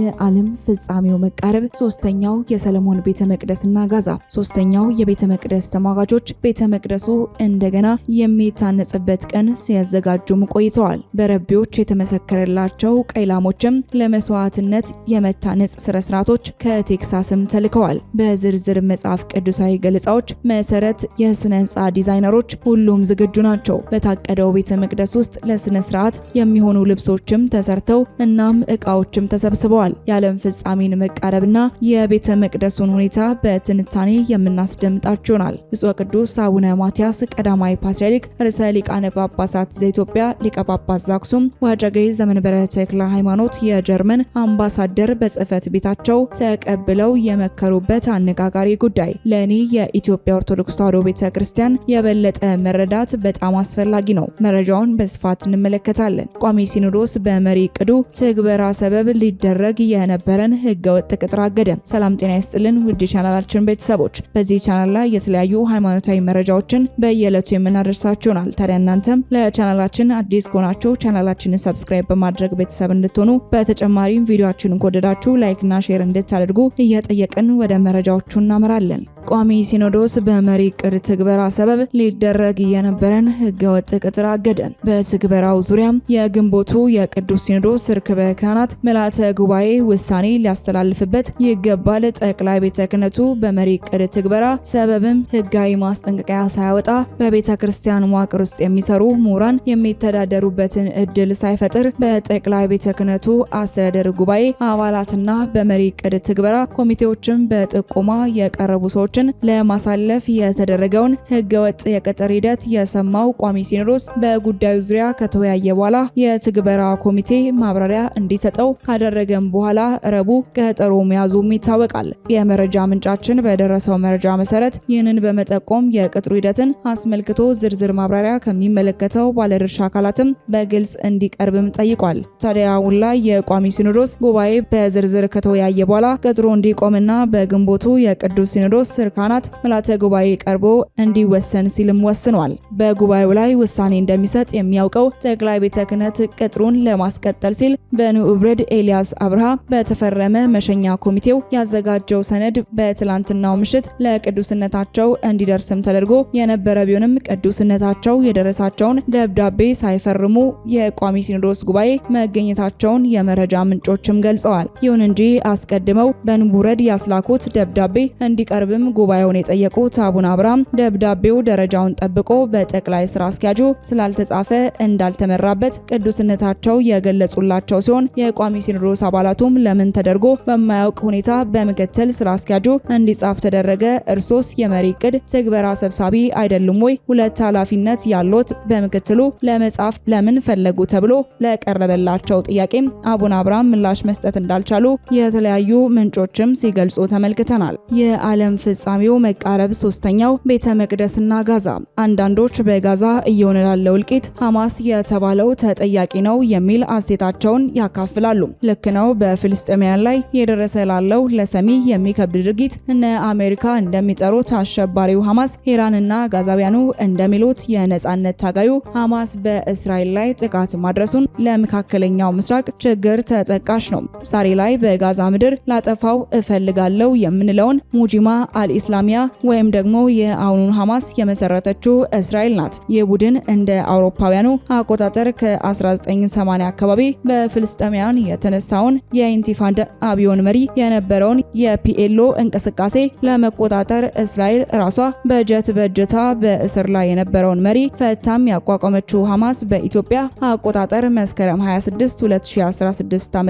የዓለም ፍጻሜው መቃረብ ሶስተኛው የሰለሞን ቤተ መቅደስና ጋዛ ሶስተኛው የቤተ መቅደስ ተሟጋቾች ቤተ መቅደሱ እንደገና የሚታነጽበት ቀን ሲያዘጋጁም ቆይተዋል። በረቢዎች የተመሰከረላቸው ቀይ ላሞችም ለመስዋዕትነት የመታነጽ ስነስርዓቶች ከቴክሳስም ተልከዋል። በዝርዝር መጽሐፍ ቅዱሳዊ ገለጻዎች መሰረት የስነ ህንፃ ዲዛይነሮች ሁሉም ዝግጁ ናቸው። በታቀደው ቤተ መቅደስ ውስጥ ለስነ ስርዓት የሚሆኑ ልብሶችም ተሰርተው እናም እቃዎችም ተሰብስበዋል። አሳስበዋል። የዓለም ፍጻሜን መቃረብና የቤተ መቅደሱን ሁኔታ በትንታኔ የምናስደምጣችሁናል። ብፁዕ ቅዱስ አቡነ ማትያስ ቀዳማዊ ፓትርያርክ ርዕሰ ሊቃነ ጳጳሳት ዘኢትዮጵያ ሊቀ ጳጳስ ዘአክሱም ወዕጨጌ ዘመንበረ ተክለ ሃይማኖት የጀርመን አምባሳደር በጽህፈት ቤታቸው ተቀብለው የመከሩበት አነጋጋሪ ጉዳይ ለእኔ የኢትዮጵያ ኦርቶዶክስ ተዋሕዶ ቤተ ክርስቲያን የበለጠ መረዳት በጣም አስፈላጊ ነው። መረጃውን በስፋት እንመለከታለን። ቋሚ ሲኖዶስ በመሪ ቅዱ ትግበራ ሰበብ ሊደረግ ሲደረግ የነበረን ህገወጥ ቅጥር አገደ። ሰላም ጤና ይስጥልን ውድ ቻናላችን ቤተሰቦች፣ በዚህ ቻናል ላይ የተለያዩ ሃይማኖታዊ መረጃዎችን በየዕለቱ የምናደርሳችሁ ታዲያ እናንተም ለቻናላችን አዲስ ከሆናችሁ ቻናላችንን ሰብስክራይብ በማድረግ ቤተሰብ እንድትሆኑ፣ በተጨማሪም ቪዲዮአችንን ከወደዳችሁ ላይክና ሼር እንድታደርጉ እየጠየቅን ወደ መረጃዎቹ እናመራለን። ቋሚ ሲኖዶስ በመሪ ዕቅድ ትግበራ ሰበብ ሊደረግ የነበረን ህገወጥ ቅጥር አገደ። በትግበራው ዙሪያም የግንቦቱ የቅዱስ ሲኖዶስ ርክበ ካህናት ምልዓተ ጉባኤ ውሳኔ ሊያስተላልፍበት ይገባል። ጠቅላይ ቤተ ክህነቱ በመሪ ቅድ ትግበራ ሰበብም ህጋዊ ማስጠንቀቂያ ሳያወጣ በቤተ ክርስቲያን መዋቅር ውስጥ የሚሰሩ ምሁራን የሚተዳደሩበትን እድል ሳይፈጥር በጠቅላይ ቤተ ክህነቱ አስተዳደር ጉባኤ አባላትና በመሪ ዕቅድ ትግበራ ኮሚቴዎችም በጥቆማ የቀረቡ ሰዎች ሰዎችን ለማሳለፍ የተደረገውን ህገወጥ የቅጥር ሂደት የሰማው ቋሚ ሲኖዶስ በጉዳዩ ዙሪያ ከተወያየ በኋላ የትግበራ ኮሚቴ ማብራሪያ እንዲሰጠው ካደረገም በኋላ ረቡ ቀጠሮ መያዙም ይታወቃል። የመረጃ ምንጫችን በደረሰው መረጃ መሰረት ይህንን በመጠቆም የቅጥሩ ሂደትን አስመልክቶ ዝርዝር ማብራሪያ ከሚመለከተው ባለድርሻ አካላትም በግልጽ እንዲቀርብም ጠይቋል። ታዲያ አሁን ላይ የቋሚ ሲኖዶስ ጉባኤ በዝርዝር ከተወያየ በኋላ ቅጥሩ እንዲቆምና በግንቦቱ የቅዱስ ሲኖዶስ እርካናት ምልዓተ ጉባኤ ቀርቦ እንዲወሰን ሲልም ወስኗል። በጉባኤው ላይ ውሳኔ እንደሚሰጥ የሚያውቀው ጠቅላይ ቤተ ክህነት ቅጥሩን ለማስቀጠል ሲል በንዑብሬድ ኤልያስ አብርሃ በተፈረመ መሸኛ ኮሚቴው ያዘጋጀው ሰነድ በትላንትናው ምሽት ለቅዱስነታቸው እንዲደርስም ተደርጎ የነበረ ቢሆንም ቅዱስነታቸው የደረሳቸውን ደብዳቤ ሳይፈርሙ የቋሚ ሲኖዶስ ጉባኤ መገኘታቸውን የመረጃ ምንጮችም ገልጸዋል። ይሁን እንጂ አስቀድመው በንቡረድ ያስላኩት ደብዳቤ እንዲቀርብም ጉባኤውን የጠየቁት አቡነ አብርሃም ደብዳቤው ደረጃውን ጠብቆ በጠቅላይ ስራ አስኪያጁ ስላልተጻፈ እንዳልተመራበት ቅዱስነታቸው የገለጹላቸው ሲሆን የቋሚ ሲኖዶስ አባላቱም ለምን ተደርጎ በማያውቅ ሁኔታ በምክትል ስራ አስኪያጁ እንዲጻፍ ተደረገ? እርሶስ የመሪ እቅድ ትግበራ ሰብሳቢ አይደሉም ወይ? ሁለት ኃላፊነት ያሎት በምክትሉ ለመጻፍ ለምን ፈለጉ? ተብሎ ለቀረበላቸው ጥያቄም አቡነ አብርሃም ምላሽ መስጠት እንዳልቻሉ የተለያዩ ምንጮችም ሲገልጹ ተመልክተናል። የዓለም ፍጻሜ ፍጻሜው መቃረብ ሶስተኛው ቤተ መቅደስና ጋዛ። አንዳንዶች በጋዛ እየሆነ ላለው እልቂት ሐማስ የተባለው ተጠያቂ ነው የሚል አስተያየታቸውን ያካፍላሉ። ልክ ነው፣ በፍልስጤማውያን ላይ የደረሰ ላለው ለሰሚ የሚከብድ ድርጊት እነ አሜሪካ እንደሚጠሩት አሸባሪው ሐማስ፣ ኢራንና ጋዛውያኑ እንደሚሉት የነጻነት ታጋዩ ሐማስ በእስራኤል ላይ ጥቃት ማድረሱን ለመካከለኛው ምስራቅ ችግር ተጠቃሽ ነው። ዛሬ ላይ በጋዛ ምድር ላጠፋው እፈልጋለሁ የምንለውን ሙጂማ አል ኢስላሚያ ወይም ደግሞ የአሁኑን ሐማስ የመሰረተችው እስራኤል ናት። ይህ ቡድን እንደ አውሮፓውያኑ አቆጣጠር ከ1980 አካባቢ በፍልስጤማውያን የተነሳውን የኢንቲፋዳ አብዮን መሪ የነበረውን የፒኤሎ እንቅስቃሴ ለመቆጣጠር እስራኤል ራሷ በጀት በጀታ በእስር ላይ የነበረውን መሪ ፈታም ያቋቋመችው ሐማስ በኢትዮጵያ አቆጣጠር መስከረም 26 2016 ዓ.ም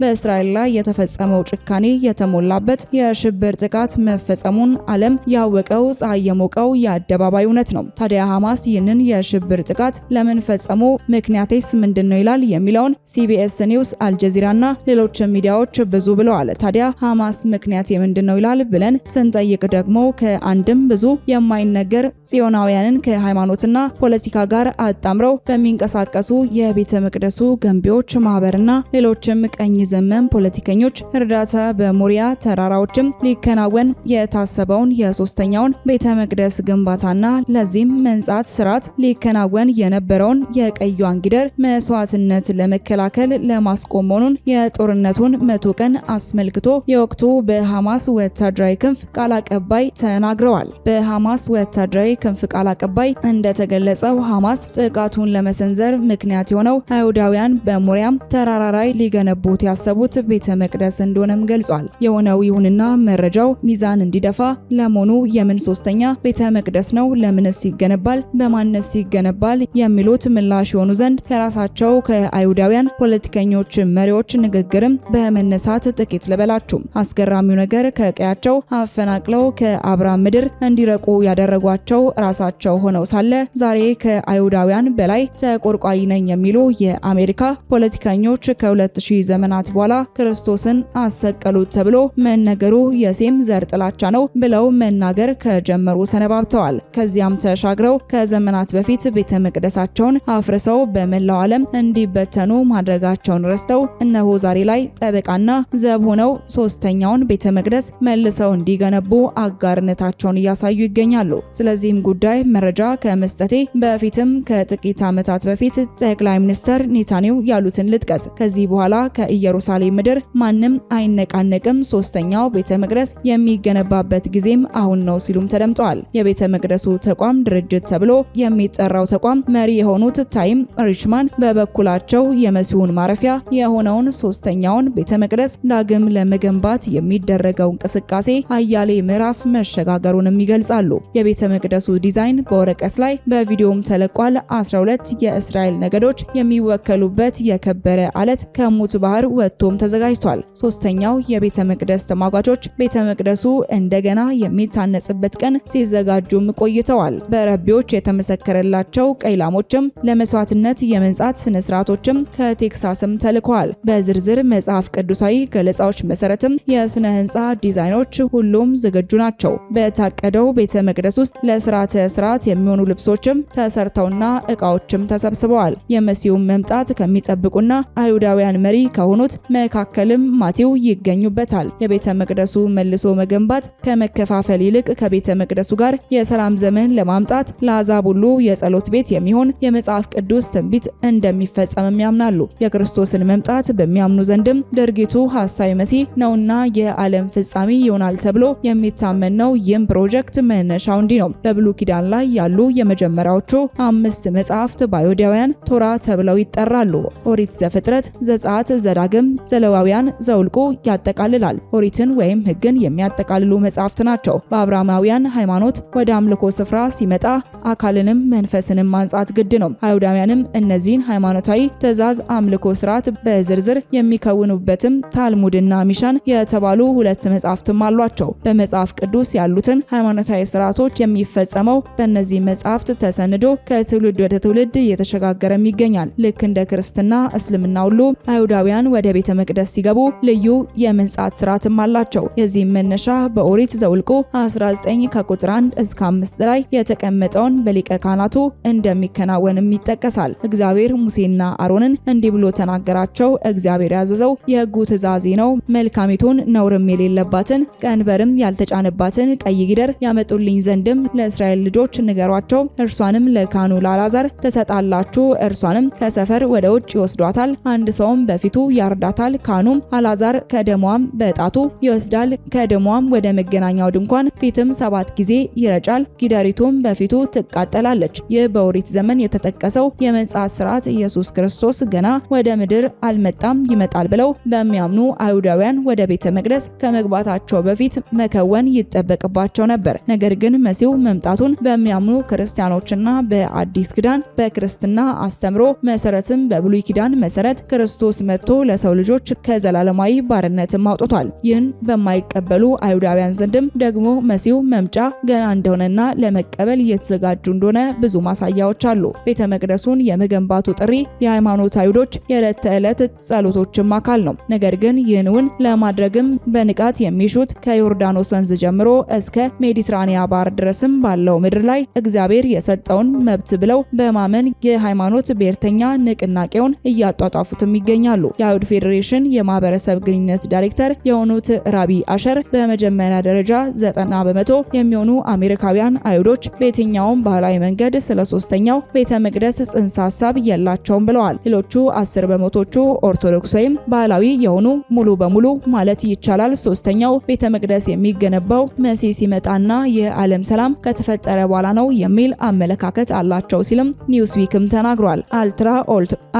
በእስራኤል ላይ የተፈጸመው ጭካኔ የተሞላበት የሽብር ጥቃት መፈጸሙ መፈጸሙን ዓለም ያወቀው ፀሐይ የሞቀው የአደባባይ እውነት ነው። ታዲያ ሐማስ ይህንን የሽብር ጥቃት ለምን ፈጸሙ? ምክንያቴስ ምንድን ነው ይላል የሚለውን ሲቢኤስ ኒውስ፣ አልጀዚራና ሌሎች ሚዲያዎች ብዙ ብለዋል። ታዲያ ሐማስ ምክንያት የምንድን ነው ይላል ብለን ስንጠይቅ ደግሞ ከአንድም ብዙ የማይነገር ጽዮናውያንን ከሃይማኖትና ፖለቲካ ጋር አጣምረው በሚንቀሳቀሱ የቤተ መቅደሱ ገንቢዎች ማህበርና ሌሎችም ቀኝ ዘመን ፖለቲከኞች እርዳታ በሞሪያ ተራራዎችም ሊከናወን የታ የታሰበውን የሶስተኛውን ቤተ መቅደስ ግንባታና ለዚህም መንጻት ስርዓት ሊከናወን የነበረውን የቀዩን ጊደር መስዋዕትነት ለመከላከል ለማስቆም መሆኑን የጦርነቱን መቶ ቀን አስመልክቶ የወቅቱ በሐማስ ወታደራዊ ክንፍ ቃል አቀባይ ተናግረዋል። በሐማስ ወታደራዊ ክንፍ ቃል አቀባይ እንደተገለጸው ሐማስ ጥቃቱን ለመሰንዘር ምክንያት የሆነው አይሁዳውያን በሞሪያም ተራራ ላይ ሊገነቡት ያሰቡት ቤተ መቅደስ እንደሆነም ገልጿል። የሆነው ይሁንና መረጃው ሚዛን እንዲዳ ሲደፋ ለመሆኑ የምን ሶስተኛ ቤተ መቅደስ ነው? ለምንስ ይገነባል? በማንስ ይገነባል? የሚሉት ምላሽ የሆኑ ዘንድ ከራሳቸው ከአይሁዳውያን ፖለቲከኞች መሪዎች ንግግርም በመነሳት ጥቂት ልበላችሁ። አስገራሚው ነገር ከቀያቸው አፈናቅለው ከአብርሃም ምድር እንዲረቁ ያደረጓቸው ራሳቸው ሆነው ሳለ ዛሬ ከአይሁዳውያን በላይ ተቆርቋይ ነኝ የሚሉ የአሜሪካ ፖለቲከኞች ከ2000 ዘመናት በኋላ ክርስቶስን አሰቀሉት ተብሎ መነገሩ የሴም ዘር ጥላቻ ነው። ነው ብለው መናገር ከጀመሩ ሰነባብተዋል። ከዚያም ተሻግረው ከዘመናት በፊት ቤተ መቅደሳቸውን አፍርሰው በመላው ዓለም እንዲበተኑ ማድረጋቸውን ረስተው እነሆ ዛሬ ላይ ጠበቃና ዘብ ሆነው ሶስተኛውን ቤተ መቅደስ መልሰው እንዲገነቡ አጋርነታቸውን እያሳዩ ይገኛሉ። ስለዚህም ጉዳይ መረጃ ከመስጠቴ በፊትም ከጥቂት ዓመታት በፊት ጠቅላይ ሚኒስትር ኔታኒው ያሉትን ልጥቀስ። ከዚህ በኋላ ከኢየሩሳሌም ምድር ማንም አይነቃነቅም፣ ሶስተኛው ቤተ መቅደስ የሚገነባ የገባበት ጊዜም አሁን ነው ሲሉም ተደምጠዋል። የቤተ መቅደሱ ተቋም ድርጅት ተብሎ የሚጠራው ተቋም መሪ የሆኑት ታይም ሪችማን በበኩላቸው የመሲሁን ማረፊያ የሆነውን ሶስተኛውን ቤተ መቅደስ ዳግም ለመገንባት የሚደረገው እንቅስቃሴ አያሌ ምዕራፍ መሸጋገሩንም ይገልጻሉ። የቤተ መቅደሱ ዲዛይን በወረቀት ላይ በቪዲዮም ተለቋል። 12 የእስራኤል ነገዶች የሚወከሉበት የከበረ አለት ከሙት ባህር ወጥቶም ተዘጋጅቷል። ሶስተኛው የቤተ መቅደስ ተሟጋቾች ቤተ መቅደሱ እንደ እንደገና የሚታነጽበት ቀን ሲዘጋጁም ቆይተዋል። በረቢዎች የተመሰከረላቸው ቀይ ላሞችም ለመስዋዕትነት የመንጻት ስነ ስርዓቶችም ከቴክሳስም ተልከዋል። በዝርዝር መጽሐፍ ቅዱሳዊ ገለጻዎች መሰረትም የስነ ህንፃ ዲዛይኖች ሁሉም ዝግጁ ናቸው። በታቀደው ቤተ መቅደስ ውስጥ ለስርዓተ ስርዓት የሚሆኑ ልብሶችም ተሰርተውና እቃዎችም ተሰብስበዋል። የመሲሁን መምጣት ከሚጠብቁና አይሁዳውያን መሪ ከሆኑት መካከልም ማቴው ይገኙበታል። የቤተ መቅደሱ መልሶ መገንባት ከመከፋፈል ይልቅ ከቤተ መቅደሱ ጋር የሰላም ዘመን ለማምጣት ለአሕዛብ ሁሉ የጸሎት ቤት የሚሆን የመጽሐፍ ቅዱስ ትንቢት እንደሚፈጸምም ያምናሉ። የክርስቶስን መምጣት በሚያምኑ ዘንድም ድርጊቱ ሐሳዊ መሲህ ነውና የዓለም ፍጻሜ ይሆናል ተብሎ የሚታመን ነው። ይህም ፕሮጀክት መነሻው እንዲህ ነው። በብሉይ ኪዳን ላይ ያሉ የመጀመሪያዎቹ አምስት መጽሐፍት በአይሁዳውያን ቶራ ተብለው ይጠራሉ። ኦሪት ዘፍጥረት፣ ዘጸአት፣ ዘዳግም፣ ዘለዋውያን፣ ዘውልቁ ያጠቃልላል። ኦሪትን ወይም ሕግን የሚያጠቃልሉ መጻሕፍት ናቸው። በአብርሃማውያን ሃይማኖት ወደ አምልኮ ስፍራ ሲመጣ አካልንም መንፈስንም ማንጻት ግድ ነው። አይሁዳውያንም እነዚህን ሃይማኖታዊ ትእዛዝ፣ አምልኮ ስርዓት በዝርዝር የሚከውኑበትም ታልሙድና ሚሻን የተባሉ ሁለት መጻሕፍትም አሏቸው። በመጽሐፍ ቅዱስ ያሉትን ሃይማኖታዊ ስርዓቶች የሚፈጸመው በእነዚህ መጻሕፍት ተሰንዶ ከትውልድ ወደ ትውልድ እየተሸጋገረም ይገኛል። ልክ እንደ ክርስትና፣ እስልምና ሁሉ አይሁዳውያን ወደ ቤተ መቅደስ ሲገቡ ልዩ የመንጻት ስርዓትም አላቸው። የዚህም መነሻ በኦሪት ኦሪት ዘውልቆ 19 ከቁጥር 1 እስከ 5 ላይ የተቀመጠውን በሊቀ ካህናቱ እንደሚከናወንም ይጠቀሳል። እግዚአብሔር ሙሴና አሮንን እንዲህ ብሎ ተናገራቸው። እግዚአብሔር ያዘዘው የሕጉ ትእዛዜ ነው። መልካሚቱን ነውርም የሌለባትን ቀንበርም ያልተጫነባትን ቀይ ጊደር ያመጡልኝ ዘንድም ለእስራኤል ልጆች ንገሯቸው። እርሷንም ለካህኑ ላላዛር ትሰጣላችሁ። እርሷንም ከሰፈር ወደ ውጭ ይወስዷታል። አንድ ሰውም በፊቱ ያርዳታል። ካህኑም አላዛር ከደሟም በጣቱ ይወስዳል። ከደሟም ወደ ምግ መገናኛው ድንኳን ፊትም ሰባት ጊዜ ይረጫል፣ ጊደሪቱም በፊቱ ትቃጠላለች። ይህ በኦሪት ዘመን የተጠቀሰው የመንጻት ስርዓት ኢየሱስ ክርስቶስ ገና ወደ ምድር አልመጣም ይመጣል ብለው በሚያምኑ አይሁዳውያን ወደ ቤተ መቅደስ ከመግባታቸው በፊት መከወን ይጠበቅባቸው ነበር። ነገር ግን መሲሁ መምጣቱን በሚያምኑ ክርስቲያኖችና በአዲስ ኪዳን በክርስትና አስተምሮ መሰረትም በብሉይ ኪዳን መሰረት ክርስቶስ መጥቶ ለሰው ልጆች ከዘላለማዊ ባርነትም አውጥቷል። ይህን በማይቀበሉ አይሁዳውያን ዘንድም ደግሞ መሲሁ መምጫ ገና እንደሆነና ለመቀበል እየተዘጋጁ እንደሆነ ብዙ ማሳያዎች አሉ። ቤተ መቅደሱን የመገንባቱ ጥሪ የሃይማኖት አይሁዶች የዕለት ተዕለት ጸሎቶችም አካል ነው። ነገር ግን ይህንውን ለማድረግም በንቃት የሚሹት ከዮርዳኖስ ወንዝ ጀምሮ እስከ ሜዲትራኒያ ባህር ድረስም ባለው ምድር ላይ እግዚአብሔር የሰጠውን መብት ብለው በማመን የሃይማኖት ብሔርተኛ ንቅናቄውን እያጧጧፉትም ይገኛሉ። የአይሁድ ፌዴሬሽን የማህበረሰብ ግንኙነት ዳይሬክተር የሆኑት ራቢ አሸር በመጀመሪያ ደረጃ 90 በመቶ የሚሆኑ አሜሪካውያን አይሁዶች በየትኛውም ባህላዊ መንገድ ስለ ሶስተኛው ቤተ መቅደስ ጽንሰ ሀሳብ የላቸውም ብለዋል። ሌሎቹ አስር በመቶቹ ኦርቶዶክስ ወይም ባህላዊ የሆኑ ሙሉ በሙሉ ማለት ይቻላል ሶስተኛው ቤተ መቅደስ የሚገነባው መሲህ ሲመጣና የዓለም ሰላም ከተፈጠረ በኋላ ነው የሚል አመለካከት አላቸው ሲልም ኒውስዊክም ተናግሯል።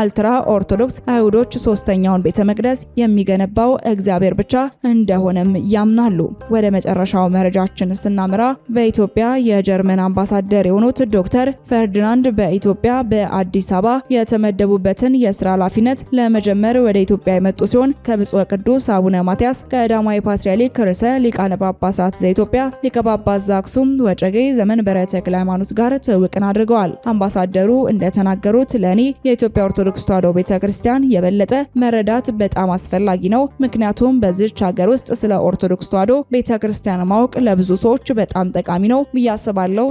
አልትራ ኦርቶዶክስ አይሁዶች ሶስተኛውን ቤተ መቅደስ የሚገነባው እግዚአብሔር ብቻ እንደሆነም ያምናሉ። ወደ የመጨረሻው መረጃችን ስናምራ በኢትዮጵያ የጀርመን አምባሳደር የሆኑት ዶክተር ፈርዲናንድ በኢትዮጵያ በአዲስ አበባ የተመደቡበትን የስራ ኃላፊነት ለመጀመር ወደ ኢትዮጵያ የመጡ ሲሆን ከብፁዕ ቅዱስ አቡነ ማትያስ ቀዳማዊ ፓትርያርክ ርዕሰ ሊቃነ ጳጳሳት ዘኢትዮጵያ ሊቀ ጳጳስ ዘአክሱም ወጨጌ ዘመንበረ ተክለ ሃይማኖት ጋር ትውውቅን አድርገዋል። አምባሳደሩ እንደተናገሩት ለእኔ የኢትዮጵያ ኦርቶዶክስ ተዋሕዶ ቤተ ክርስቲያን የበለጠ መረዳት በጣም አስፈላጊ ነው። ምክንያቱም በዚች ሀገር ውስጥ ስለ ኦርቶዶክስ ተዋሕዶ ቤተ ክርስቲያን ማወቅ ለብዙ ሰዎች በጣም ጠቃሚ ነው ብዬ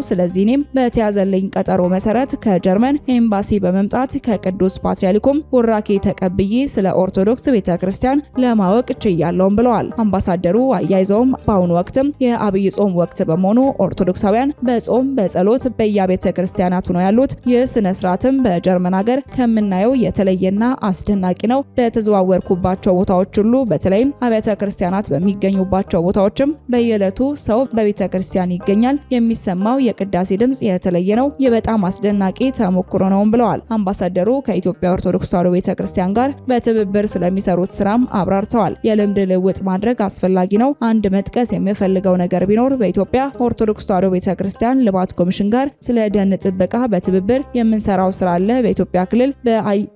ስለዚህ እኔም በተያዘልኝ ቀጠሮ መሰረት ከጀርመን ኤምባሲ በመምጣት ከቅዱስ ፓትርያርኩም ቡራኬ ተቀብዬ ስለ ኦርቶዶክስ ቤተ ክርስቲያን ለማወቅ ችያለሁም ብለዋል አምባሳደሩ። አያይዘውም በአሁኑ ወቅትም የአብይ ጾም ወቅት በመሆኑ ኦርቶዶክሳውያን በጾም በጸሎት በየቤተ ክርስቲያናቱ ነው ያሉት። ይህ ስነ ስርዓትም በጀርመን ሀገር ከምናየው የተለየና አስደናቂ ነው። በተዘዋወርኩባቸው ቦታዎች ሁሉ በተለይም አብያተ ክርስቲያናት በሚገኙባቸው ቦታዎችም በየዕለቱ ሰው በቤተ ክርስቲያን ይገኛል። የሚሰማው የቅዳሴ ድምጽ የተለየ ነው። ይህ በጣም አስደናቂ ተሞክሮ ነውም ብለዋል አምባሳደሩ። ከኢትዮጵያ ኦርቶዶክስ ተዋሕዶ ቤተ ክርስቲያን ጋር በትብብር ስለሚሰሩት ስራም አብራርተዋል። የልምድ ልውጥ ማድረግ አስፈላጊ ነው። አንድ መጥቀስ የሚፈልገው ነገር ቢኖር በኢትዮጵያ ኦርቶዶክስ ተዋሕዶ ቤተ ክርስቲያን ልማት ኮሚሽን ጋር ስለ ደን ጥበቃ በትብብር የምንሰራው ስራ አለ። በኢትዮጵያ ክልል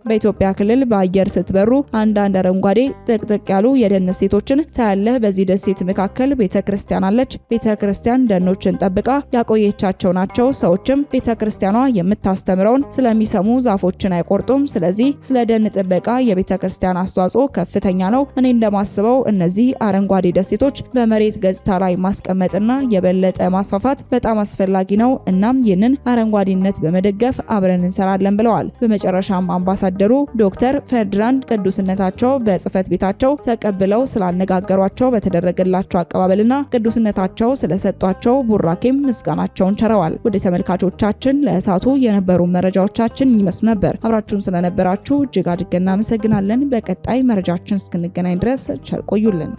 በኢትዮጵያ ክልል በአየር ስትበሩ አንዳንድ አረንጓዴ ጥቅጥቅ ያሉ የደን ደሴቶችን ታያለህ። በዚህ ደሴት መካከል ቤተ ክርስቲያን አለች። ቤተክርስቲያን ደኖችን ጠብቃ ያቆየቻቸው ናቸው። ሰዎችም ቤተክርስቲያኗ የምታስተምረውን ስለሚሰሙ ዛፎችን አይቆርጡም። ስለዚህ ስለ ደን ጥበቃ የቤተ ክርስቲያን አስተዋጽኦ ከፍተኛ ነው። እኔ እንደማስበው እነዚህ አረንጓዴ ደሴቶች በመሬት ገጽታ ላይ ማስቀመጥና የበለጠ ማስፋፋት በጣም አስፈላጊ ነው። እናም ይህንን አረንጓዴነት በመደገፍ አብረን እንሰራለን ብለዋል። በመጨረሻም አምባሳደሩ ዶክተር ፌርድራንድ ቅዱስነታቸው በጽህፈት ቤታቸው ተቀብለው ስላነጋገሯቸው በተደረገላቸው አቀባበልና ክብርና ቅዱስነታቸው ስለሰጧቸው ቡራኬም ምስጋናቸውን ቸረዋል። ወደ ተመልካቾቻችን ለእሳቱ የነበሩ መረጃዎቻችን ይመስሉ ነበር። አብራችሁን ስለነበራችሁ እጅግ አድርገን እናመሰግናለን። በቀጣይ መረጃችን እስክንገናኝ ድረስ ቸር ቆዩልን።